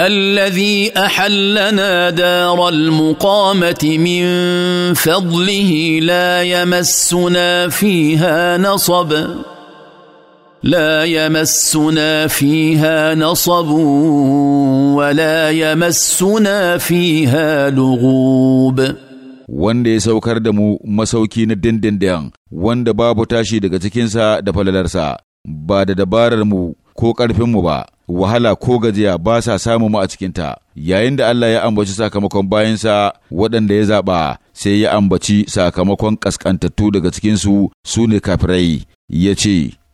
الذي احلنا دار المقامه من فضله لا يمسنا فيها نصب لا يمسنا فيها نصب ولا يمسنا فيها لغوب wanda ya saukar da mu masauki na dindindin wanda babu tashi daga cikinsa da falalarsa ba da dabarar mu ko ƙarfinmu ba, wahala ko gajiya ba sa samu mu a cikinta, yayin da Allah ya ambaci sakamakon bayansa waɗanda ya zaɓa sai ya ambaci sakamakon ƙasƙantattu daga cikinsu su ne kafirai, ya ce,